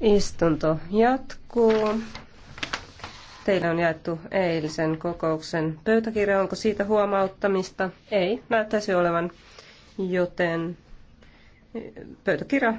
Istunto jatkuu. Teillä on jaettu eilisen kokouksen pöytäkirja. Onko siitä huomauttamista? Ei, näyttäisi olevan, joten pöytäkirja